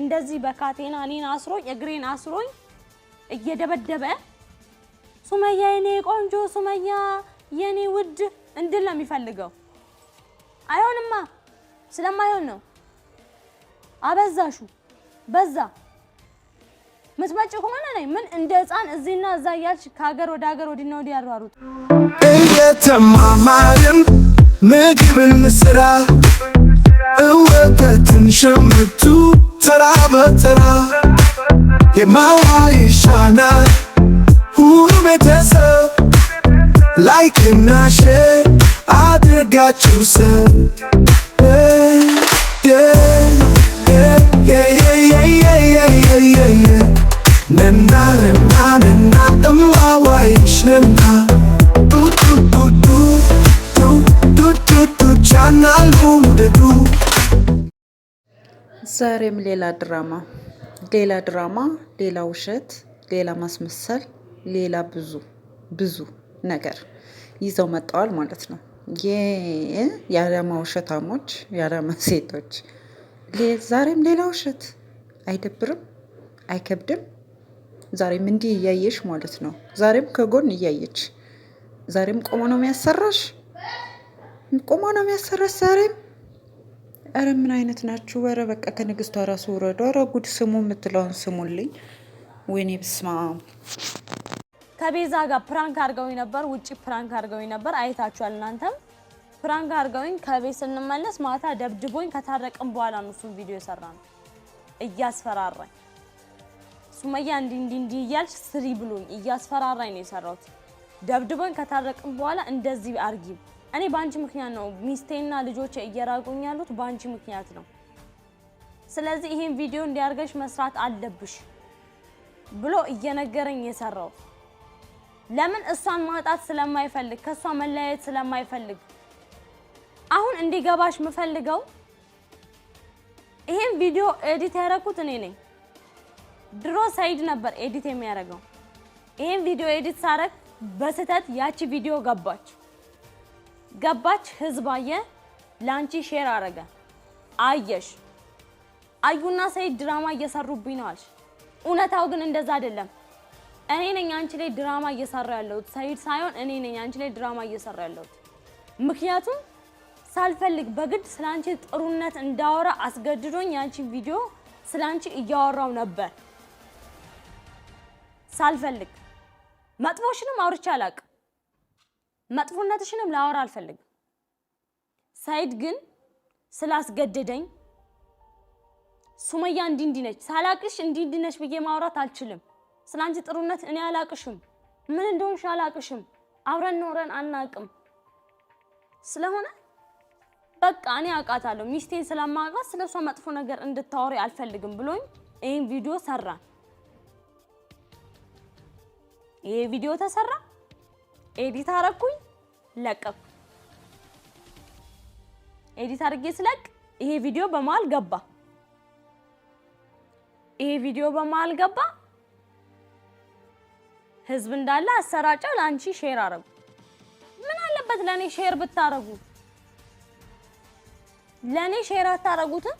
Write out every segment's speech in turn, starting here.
እንደዚህ በካቴና እኔን አስሮኝ እግሬን አስሮኝ እየደበደበ ሱመያ የኔ ቆንጆ ሱመያ የኔ ውድ እንድል ነው የሚፈልገው። አይሆንማ፣ ስለማይሆን ነው። አበዛሹ በዛ። ምትመጪ ከሆነ ነኝ ምን እንደ ህፃን እዚህና እዛ እያልሽ ከሀገር ወደ ሀገር ወዲና ወዲ ያሯሩት። እየተማማርን ምግብን ስራ እወተትን ሸምቱ ተራ በተራ የማዋ ይሻናል ሁሉ ቤተሰብ ላይክና ሼር አድርጋችሁ ሰብ ዛሬም ሌላ ድራማ ሌላ ድራማ ሌላ ውሸት ሌላ ማስመሰል ሌላ ብዙ ብዙ ነገር ይዘው መጠዋል ማለት ነው። የአዳማ ውሸታሞች የአዳማ ሴቶች ዛሬም ሌላ ውሸት። አይደብርም? አይከብድም? ዛሬም እንዲህ እያየሽ ማለት ነው። ዛሬም ከጎን እያየች ዛሬም ቆሞ ነው የሚያሰራሽ፣ ቆሞ ነው የሚያሰራሽ ዛሬም ኧረ ምን አይነት ናችሁ? ኧረ በቃ ከንግስቷ ራሱ ውረዱ። ኧረ ጉድ ስሙ የምትለውን ስሙልኝ። ወይኔ ብስማ ከቤዛ ጋር ፕራንክ አድርገውኝ ነበር፣ ውጭ ፕራንክ አድርገውኝ ነበር። አይታችኋል እናንተም። ፕራንክ አድርገውኝ ከቤት ስንመለስ ማታ ደብድቦኝ ከታረቅም በኋላ ነው እሱን ቪዲዮ የሰራ ነው እያስፈራራኝ ሱመያ እንዲ እንዲ እንዲ እያልሽ ስሪ ብሎኝ እያስፈራራኝ ነው የሰራሁት። ደብድቦኝ ከታረቅም በኋላ እንደዚህ አርጊም እኔ በአንቺ ምክንያት ነው ሚስቴና ልጆች እየራቁኝ ያሉት በአንቺ ምክንያት ነው። ስለዚህ ይሄን ቪዲዮ እንዲያርገሽ መስራት አለብሽ ብሎ እየነገረኝ የሰራው ለምን እሷን ማጣት ስለማይፈልግ ከእሷ መለያየት ስለማይፈልግ አሁን እንዲገባሽ የምፈልገው ይሄን ቪዲዮ ኤዲት ያደረኩት እኔ ነኝ። ድሮ ሰይድ ነበር ኤዲት የሚያደርገው። ይሄን ቪዲዮ ኤዲት ሳረግ በስህተት ያቺ ቪዲዮ ገባች። ገባች፣ ህዝብ አየ፣ ላንቺ ሼር አረገ፣ አየሽ። አዩና ሰይድ ድራማ እየሰሩብኝ ነው አልሽ። እውነታው ግን እንደዛ አይደለም። እኔ ነኝ አንቺ ላይ ድራማ እየሰራ ያለሁት፣ ሰይድ ሳይሆን እኔ ነኝ አንቺ ላይ ድራማ እየሰራ ያለሁት። ምክንያቱም ሳልፈልግ በግድ ስላንቺ ጥሩነት እንዳወራ አስገድዶኝ ያንቺን ቪዲዮ ስላንቺ እያወራው ነበር ሳልፈልግ። መጥፎሽንም አውርቼ አላውቅም መጥፎነትሽንም ላወራ አልፈልግም። ሳይድ ግን ስላስገደደኝ ሱመያ እንዲህ እንዲህ ነች ሳላቅሽ እንዲህ እንዲህ ነች ብዬ ማውራት አልችልም። ስላንቺ ጥሩነት እኔ አላቅሽም፣ ምን እንደሆንሽ አላቅሽም፣ አብረን ኖረን አናቅም። ስለሆነ በቃ እኔ አውቃታለሁ ሚስቴን ስለማውቃት ስለሷ መጥፎ ነገር እንድታወሪ አልፈልግም ብሎኝ ይህን ቪዲዮ ሰራ። ይሄ ቪዲዮ ተሰራ። ኤዲት አረኩኝ፣ ለቀኩ። ኤዲት አድርጌ ስለቅ ይሄ ቪዲዮ በመሀል ገባ። ይሄ ቪዲዮ በመሀል ገባ። ህዝብ እንዳለ አሰራጨው። ለአንቺ ሼር አረጉ። ምን አለበት ለኔ ሼር ብታረጉ? ለኔ ሼር አታረጉትም?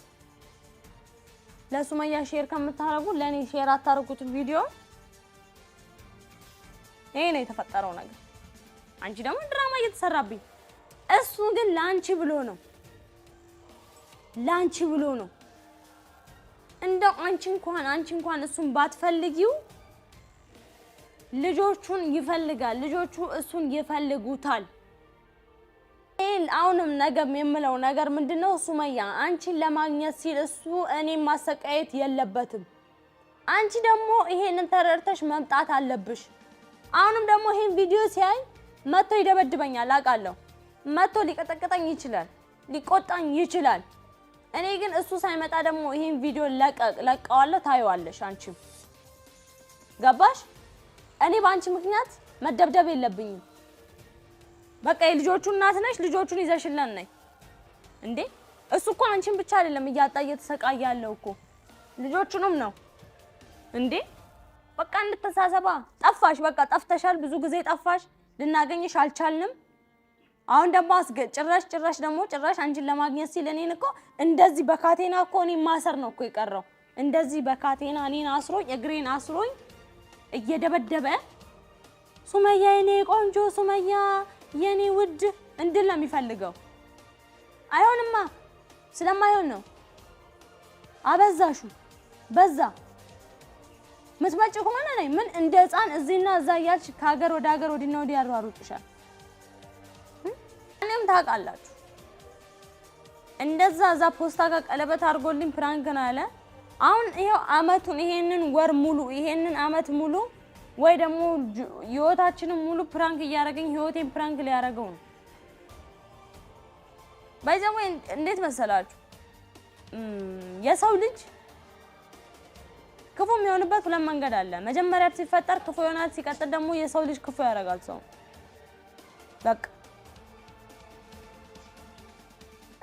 ለሱመያ ሼር ከምታረጉ ለኔ ሼር አታረጉት ቪዲዮ። ይሄ ነው የተፈጠረው ነገር። አንቺ ደግሞ ድራማ እየተሰራብኝ። እሱ ግን ላንቺ ብሎ ነው ላንቺ ብሎ ነው። እንደው አንቺ እንኳን አንቺ እንኳን እሱን ባትፈልጊው ልጆቹን ይፈልጋል። ልጆቹ እሱን ይፈልጉታል። አሁንም ነገም የምለው ነገር ምንድነው? ሱመያ፣ አንቺን ለማግኘት ሲል እሱ እኔን ማሰቃየት የለበትም። አንቺ ደግሞ ይሄንን ተረድተሽ መምጣት አለብሽ። አሁንም ደግሞ ይሄን ቪዲዮ ሲያይ መጥቶ ይደበድበኛል፣ አውቃለሁ። መጥቶ ሊቀጠቅጠኝ ይችላል፣ ሊቆጣኝ ይችላል። እኔ ግን እሱ ሳይመጣ ደግሞ ይሄን ቪዲዮ ለቀዋለሁ፣ ታየዋለሽ። አንቺም ገባሽ? እኔ በአንቺ ምክንያት መደብደብ የለብኝም። በቃ የልጆቹ እናት ነሽ፣ ልጆቹን ይዘሽለን ነይ እንዴ። እሱ እኮ አንቺን ብቻ አይደለም እያጣ እየተሰቃየ ያለው እኮ ልጆቹንም ነው እንዴ። በቃ እንተሳሰባ። ጠፋሽ፣ በቃ ጠፍተሻል፣ ብዙ ጊዜ ጠፋሽ። ልናገኝሽ አልቻልንም። አሁን ደግሞ ጭራሽ ጭራሽ ደግሞ ጭራሽ አንቺን ለማግኘት ሲል እኔን እኮ እንደዚህ በካቴና እኮ እኔ ማሰር ነው እኮ የቀረው። እንደዚህ በካቴና እኔን አስሮኝ እግሬን አስሮኝ እየደበደበ ሱመያ የኔ ቆንጆ ሱመያ የኔ ውድ እንድል ነው የሚፈልገው። አይሆንማ፣ ስለማይሆን ነው አበዛሹ በዛ ምትመጪ ከሆነ ነኝ ምን እንደ ህፃን እዚህና እዛ እያልሽ ከሀገር ወደ ሀገር ወዲና ወዲህ ያሯሩጥሻል። እኔም ታውቃላችሁ እንደዛ እዛ ፖስታ ጋር ቀለበት አድርጎልኝ ፕራንክ ነው ያለ። አሁን ይሄው አመቱን ይሄንን ወር ሙሉ ይሄንን አመት ሙሉ ወይ ደግሞ ህይወታችንን ሙሉ ፕራንክ እያደረገኝ ህይወቴን ፕራንክ ሊያደርገው ነው። ባይዘው እንዴት መሰላችሁ የሰው ልጅ ክፉ የሚሆንበት ሁለት መንገድ አለ። መጀመሪያ ሲፈጠር ክፉ ይሆናል። ሲቀጥል ደግሞ የሰው ልጅ ክፉ ያደርጋል። ሰው በቃ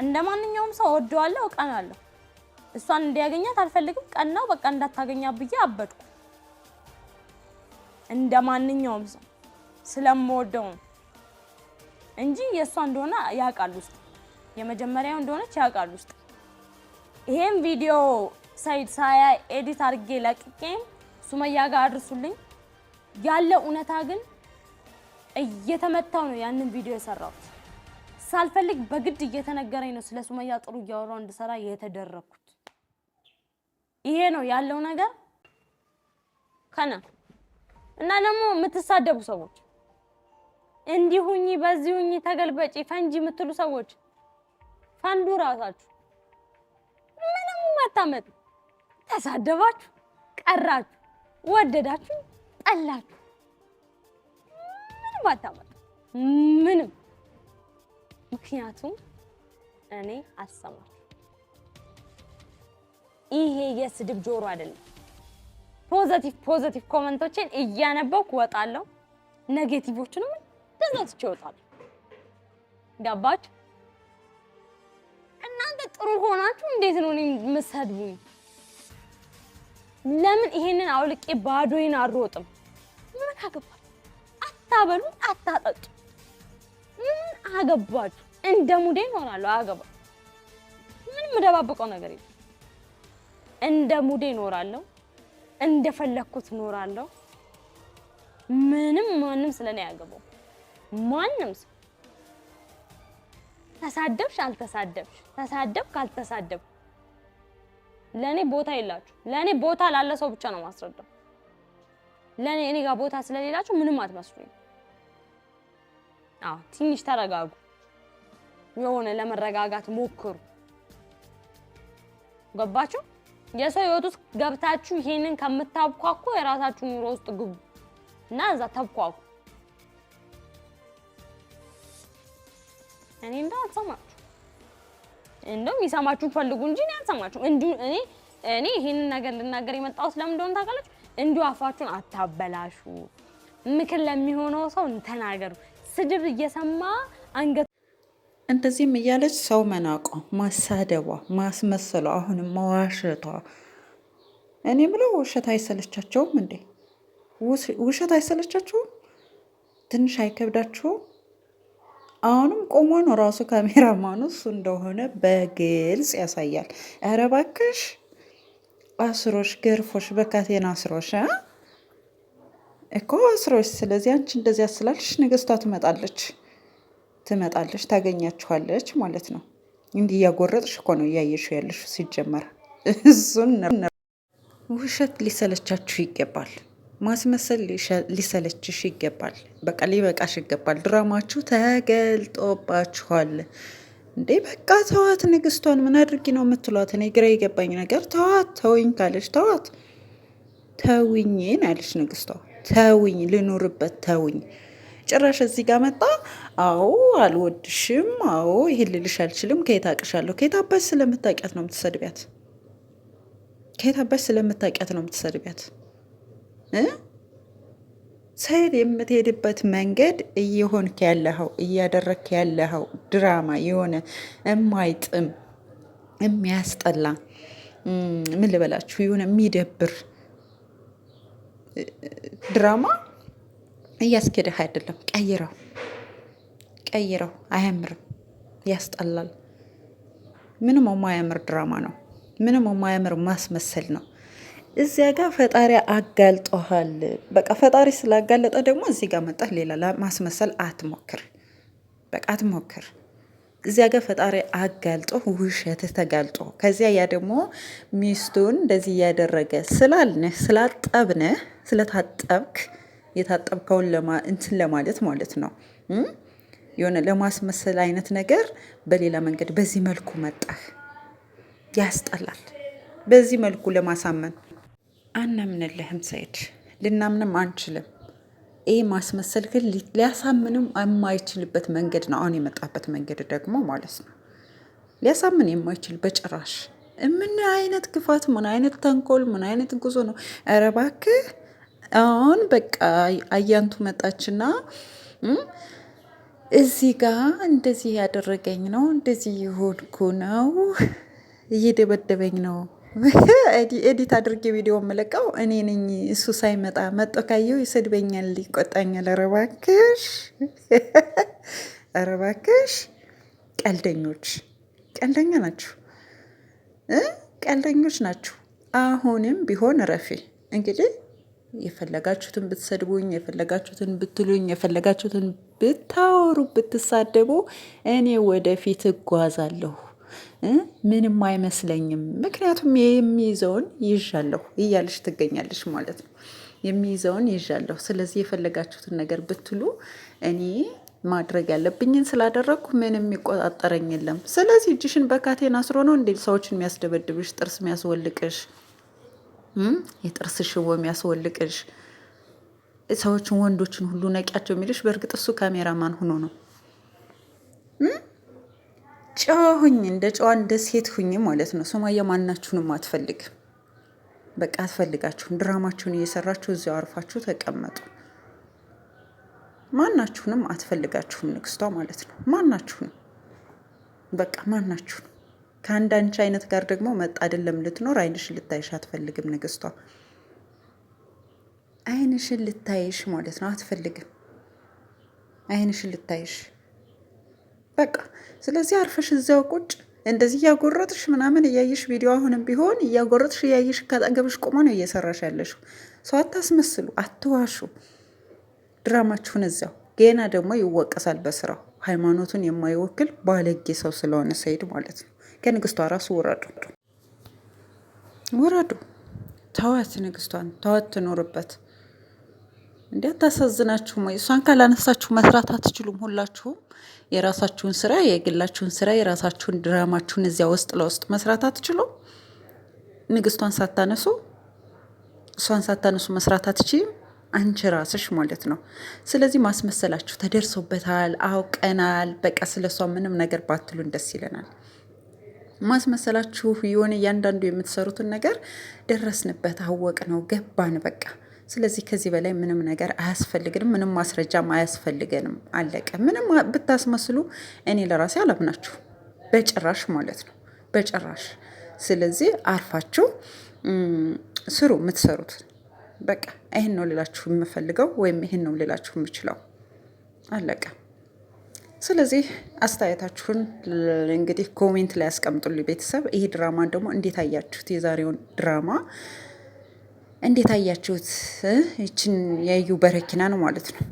እንደ ማንኛውም ሰው እወደዋለሁ፣ እቀናለሁ። እሷን እንዲያገኛት አልፈልግም። ቀናው በቃ እንዳታገኛ ብዬ አበድኩ። እንደ ማንኛውም ሰው ስለምወደው እንጂ የእሷ እንደሆነ ያውቃል ውስጥ የመጀመሪያው እንደሆነች ያውቃል ውስጥ ይሄን ቪዲዮ ሰይድ ሳያይ ኤዲት አድርጌ ለቅቄ ሱመያ ጋር አድርሱልኝ። ያለ እውነታ ግን እየተመታው ነው። ያንን ቪዲዮ የሰራሁት ሳልፈልግ በግድ እየተነገረኝ ነው። ስለ ሱመያ ጥሩ እያወራው እንድሰራ የተደረኩት ይሄ ነው ያለው ነገር ከነ እና ደግሞ የምትሳደቡ ሰዎች እንዲሁኝ በዚሁኝ ተገልበጪ ፈንጂ የምትሉ ሰዎች ፈንዱ ራሳችሁ ምንም አታመጡ። ተሳደባችሁ፣ ቀራችሁ፣ ወደዳችሁ፣ ጠላችሁ ምንም አታመጡ ምንም። ምክንያቱም እኔ አልሰማችሁ። ይሄ የስድብ ጆሮ አይደለም። ፖዘቲቭ ፖዘቲቭ ኮመንቶችን እያነበኩ ወጣለሁ። ኔጌቲቮችንም እንደዚያው ትቼ እወጣለሁ። ገባችሁ? እናንተ ጥሩ ሆናችሁ እንዴት ነው እኔ የምትሰድቡኝ? ለምን ይሄንን አውልቄ ባዶዬን አልሮጥም? ምን አገባችሁ? አታበሉ፣ አታጠጡ። ምን አገባችሁ? እንደ ሙዴ እኖራለሁ። አያገባ ምንም እደባብቀው ነገር የለም። እንደ ሙዴ እኖራለሁ፣ እንደፈለግኩት እኖራለሁ። ምንም ማንም ስለኔ አያገባው። ማንም ሰው ተሳደብሽ አልተሳደብሽ፣ ተሳደብክ አልተሳደብክ ለእኔ ቦታ የላችሁ። ለእኔ ቦታ ላለ ሰው ብቻ ነው ማስረዳው። ለእኔ እኔ ጋር ቦታ ስለሌላችሁ ምንም አትመስሉኝ። አዎ ትንሽ ተረጋጉ፣ የሆነ ለመረጋጋት ሞክሩ። ገባችሁ? የሰው ህይወት ውስጥ ገብታችሁ ይሄንን ከምታብኳኩ የራሳችሁ ኑሮ ውስጥ ግቡ እና እዛ ተብኳኩ። እኔ እንዳልሰማችሁ እንደውም ይሰማችሁን ፈልጉ እንጂ እኔ አልሰማችሁም። እንዲሁ እኔ እኔ ይሄንን ነገር እንድናገር የመጣሁት ለምን እንደሆነ ታውቃላችሁ? እንዲሁ አፋችሁን አታበላሹ። ምክር ለሚሆነው ሰው ተናገሩ። ስድብ እየሰማ አንገ እንደዚህም እያለች ሰው መናቋ፣ ማሳደቧ፣ ማስመሰሏ፣ አሁንም መዋሸቷ እኔ ምለው ውሸት አይሰለቻቸውም እንዴ? ውሸት አይሰለቻቸውም? ትንሽ አይከብዳችሁም? አሁንም ቆሞ ነው ራሱ ካሜራማኑ እሱ እንደሆነ በግልጽ ያሳያል። ኧረ እባክሽ አስሮሽ ገርፎሽ በካቴና አስሮሽ እኮ አስሮሽ። ስለዚህ አንቺ እንደዚህ ስላልሽ ንግስቷ ትመጣለች ትመጣለች ታገኛችኋለች ማለት ነው። እንዲህ እያጎረጥሽ እኮ ነው እያየሽው ያለሽ ሲጀመር እሱን ውሸት ሊሰለቻችሁ ይገባል። ማስመሰል ሊሰለችሽ ይገባል። በቃ ሊበቃሽ ይገባል። ድራማችሁ ተገልጦባችኋል። እንዴ በቃ ተዋት። ንግስቷን ምን አድርጊ ነው የምትሏት? እኔ ግራ የገባኝ ነገር ተዋት። ተውኝ ካለች ተዋት። ተውኝን ያለች ንግስቷ። ተውኝ ልኑርበት፣ ተውኝ ጭራሽ እዚህ ጋር መጣ። አዎ አልወድሽም፣ አዎ ይሄን ልልሽ አልችልም። ከየት አቅሻለሁ? ከየት አባሽ ስለምታውቂያት ነው የምትሰድቢያት? ከየት አባሽ ስለምታውቂያት ነው የምትሰድቢያት? ሰኢድ የምትሄድበት መንገድ እየሆንክ ያለኸው እያደረክ ያለኸው ድራማ የሆነ የማይጥም የሚያስጠላ ምን ልበላችሁ የሆነ የሚደብር ድራማ እያስኬደህ አይደለም። ቀይረው ቀይረው፣ አያምርም፣ ያስጠላል። ምንም የማያምር ድራማ ነው። ምንም የማያምር ማስመሰል ነው። እዚያ ጋር ፈጣሪ አጋልጦሃል። በቃ ፈጣሪ ስላጋለጠ ደግሞ እዚህ ጋር መጣህ ሌላ ማስመሰል አትሞክር፣ በቃ አትሞክር። እዚያ ጋር ፈጣሪ አጋልጦ ውሸት ተጋልጦ ከዚያ ያ ደግሞ ሚስቱን እንደዚህ እያደረገ ስላልነህ ስላጠብነህ ስለታጠብክ የታጠብከውን እንትን ለማለት ማለት ነው የሆነ ለማስመሰል አይነት ነገር በሌላ መንገድ በዚህ መልኩ መጣህ፣ ያስጠላል። በዚህ መልኩ ለማሳመን አናምንልህም ሰኢድ፣ ልናምንም አንችልም። ይህ ማስመሰል ግን ሊያሳምንም የማይችልበት መንገድ ነው። አሁን የመጣበት መንገድ ደግሞ ማለት ነው ሊያሳምን የማይችል በጭራሽ። ምን አይነት ክፋት፣ ምን አይነት ተንኮል፣ ምን አይነት ጉዞ ነው? ኧረ እባክህ አሁን በቃ አያንቱ መጣችና እዚህ ጋ እንደዚህ ያደረገኝ ነው እንደዚህ የሆንኩ ነው እየደበደበኝ ነው ኤዲት አድርጌ ቪዲዮ የምለቀው እኔ ነኝ። እሱ ሳይመጣ መጦ ካየው ይሰድበኛል፣ ይቆጣኛል። ኧረ እባክሽ፣ ኧረ እባክሽ። ቀልደኞች ቀልደኛ ናችሁ፣ ቀልደኞች ናችሁ። አሁንም ቢሆን ረፌ እንግዲህ የፈለጋችሁትን ብትሰድቡኝ፣ የፈለጋችሁትን ብትሉኝ፣ የፈለጋችሁትን ብታወሩ፣ ብትሳደቡ እኔ ወደፊት እጓዛለሁ። ምንም አይመስለኝም፣ ምክንያቱም የሚይዘውን ይዣለሁ እያለሽ ትገኛለሽ ማለት ነው። የሚይዘውን ይዣለሁ። ስለዚህ የፈለጋችሁትን ነገር ብትሉ እኔ ማድረግ ያለብኝን ስላደረግኩ ምንም የሚቆጣጠረኝ የለም። ስለዚህ እጅሽን በካቴን አስሮ ነው እንዴ ሰዎችን የሚያስደበድብሽ፣ ጥርስ የሚያስወልቅሽ፣ የጥርስ ሽቦ የሚያስወልቅሽ፣ ሰዎችን ወንዶችን ሁሉ ነቂያቸው የሚልሽ? በእርግጥ እሱ ካሜራማን ሆኖ ነው። ጨዋሁኝ እንደ ጨዋ እንደ ሴት ሁኝ ማለት ነው። ሱማያ ማናችሁንም አትፈልግ፣ በቃ አትፈልጋችሁም። ድራማችሁን እየሰራችሁ እዚያው አርፋችሁ ተቀመጡ። ማናችሁንም አትፈልጋችሁም ንግስቷ ማለት ነው። ማናችሁንም በቃ ማናችሁን ከአንድ አንቺ አይነት ጋር ደግሞ መጣ አይደለም ልትኖር አይንሽን ልታይሽ አትፈልግም ንግስቷ። አይንሽን ልታይሽ ማለት ነው አትፈልግም። አይንሽን ልታይሽ በቃ ስለዚህ አርፈሽ እዚያው ቁጭ እንደዚህ እያጎረጥሽ ምናምን እያየሽ ቪዲዮ አሁንም ቢሆን እያጎረጥሽ እያየሽ ከጠገብሽ ቆማ ነው እየሰራሽ ያለሽ። ሰው አታስመስሉ፣ አትዋሹ። ድራማችሁን እዚያው ገና ደግሞ ይወቀሳል በስራው ሃይማኖቱን የማይወክል ባለጌ ሰው ስለሆነ ሰይድ ማለት ነው። ከንግስቷ ራሱ ውረዱ፣ ውረዱ። ተዋት፣ ንግስቷን ተዋት፣ ትኖርበት። እንዲህ አታሳዝናችሁም ወይ? እሷን ካላነሳችሁ መስራት አትችሉም ሁላችሁም። የራሳችሁን ስራ፣ የግላችሁን ስራ፣ የራሳችሁን ድራማችሁን እዚያ ውስጥ ለውስጥ መስራት አትችሉ? ንግስቷን ሳታነሱ እሷን ሳታነሱ መስራት አትችም አንቺ ራስሽ ማለት ነው። ስለዚህ ማስመሰላችሁ ተደርሶበታል፣ አውቀናል፣ በቃ ስለሷ ምንም ነገር ባትሉን ደስ ይለናል። ማስመሰላችሁ የሆነ እያንዳንዱ የምትሰሩትን ነገር ደረስንበት፣ አወቅ ነው፣ ገባን በቃ ስለዚህ ከዚህ በላይ ምንም ነገር አያስፈልግንም፣ ምንም ማስረጃም አያስፈልገንም። አለቀ። ምንም ብታስመስሉ እኔ ለራሴ አላምናችሁ በጭራሽ ማለት ነው፣ በጭራሽ። ስለዚህ አርፋችሁ ስሩ የምትሰሩት። በቃ ይህን ነው ልላችሁ የምፈልገው፣ ወይም ይህን ነው ልላችሁ የምችለው። አለቀ። ስለዚህ አስተያየታችሁን እንግዲህ ኮሜንት ላይ ያስቀምጡልኝ። ቤተሰብ ይሄ ድራማ ደግሞ እንዴት አያችሁት? የዛሬውን ድራማ እንዴት አያችሁት? ይችን ያዩ በረኪናን ማለት ነው።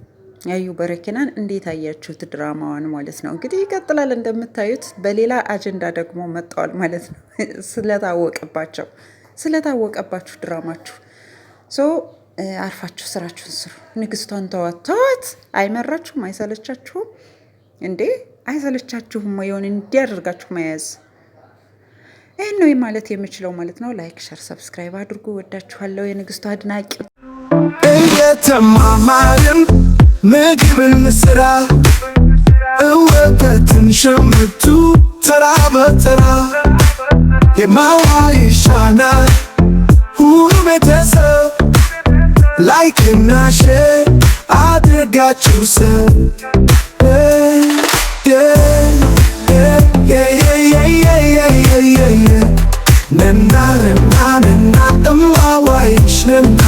ያዩ በረኪናን እንዴት አያችሁት? ድራማዋን ማለት ነው። እንግዲህ ይቀጥላል እንደምታዩት። በሌላ አጀንዳ ደግሞ መጥተዋል ማለት ነው። ስለታወቀባቸው ስለታወቀባችሁ ድራማችሁ ሶ አርፋችሁ ስራችሁን ስሩ። ንግስቷን ተዋት ተዋት። አይመራችሁም? አይሰለቻችሁም እንዴ? አይሰለቻችሁም? የሆን እንዲያደርጋችሁ መያዝ ይህን ነው ማለት የምችለው ማለት ነው። ላይክ፣ ሸር፣ ሰብስክራይብ አድርጉ። ወዳችኋለሁ። የንግስቱ አድናቂ እየተማማርን ምግብን ስራ እወተትን ሸምቱ ተራ በተራ የማዋ ይሻናል ሁሉ ቤተሰብ ላይክና ሼር አድርጋችሁ ሰብ Listening